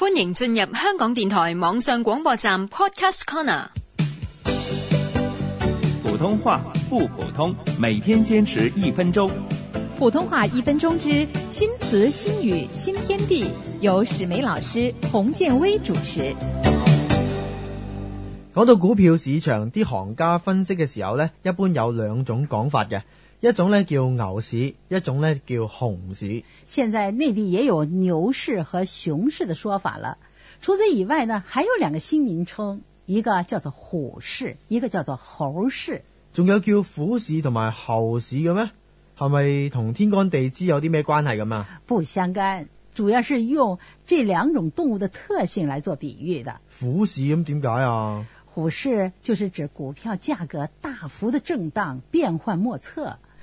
歡迎進入香港電台網上廣播站 Podcast Corner。普通話不普通，每天堅持一分鐘。普通話一分鐘之新詞新語新天地，由史梅老師洪建威主持。講到股票市場，啲行家分析嘅時候呢，一般有兩種講法嘅。一種呢叫牛市，一種呢叫熊市。現在內地也有牛市和熊市的說法了。除此以外呢，還有兩個新名稱，一個叫做虎市，一個叫做猴市。仲有叫虎市同埋猴市嘅咩？係咪同天干地支有啲咩關係咁啊？不相干，主要是用這兩種動物的特性來做比喻的。虎市咁點解啊？虎市就是指股票價格大幅的震蕩，變幻莫測。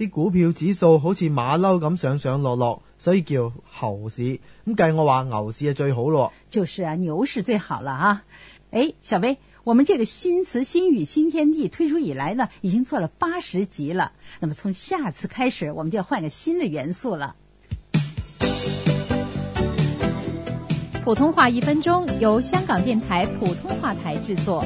啲股票指數好似馬騮咁上上落落，所以叫猴市。咁計我話牛市係最好咯。就是啊，牛市最好啦！啊，誒，小薇，我們這個新詞新語新天地推出以來呢，已經做了八十集了。那麼從下次開始，我們就要換個新的元素了。普通話一分鐘由香港電台普通話台製作。